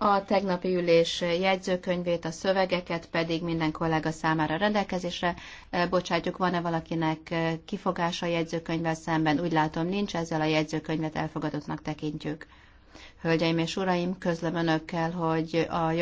A tegnapi ülés jegyzőkönyvét, a szövegeket pedig minden kollega számára rendelkezésre eh, bocsátjuk. Van-e valakinek eh, kifogása a jegyzőkönyvvel szemben? Úgy látom, nincs, ezzel a jegyzőkönyvet elfogadottnak tekintjük. Hölgyeim és uraim, közlöm önökkel, hogy a